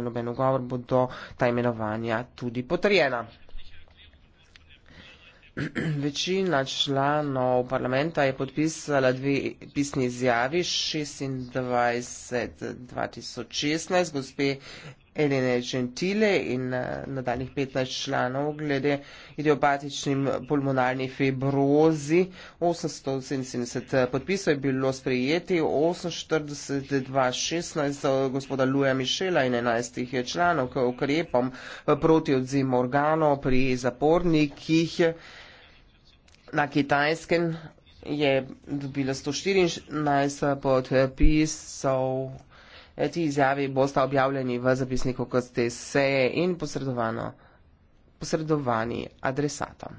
noben ugovor, bo do ta imenovanja tudi potrjena. Večina članov parlamenta je podpisala dve pisni izjavi 26.2016 gospe Elene Gentile in eh, nadaljnih 15 članov glede idiopatičnim pulmonarni fibrozi. 877 eh, podpisov je bilo sprejeti, 48216 za gospoda Luja Mišela in 11 je eh, članov k ukrepom proti odzimu organov pri zapornikih na kitajskem je dobila 114 podpisov. Ti izjavi bosta objavljeni v zapisniku, kot ste seje in posredovano, posredovani adresatom.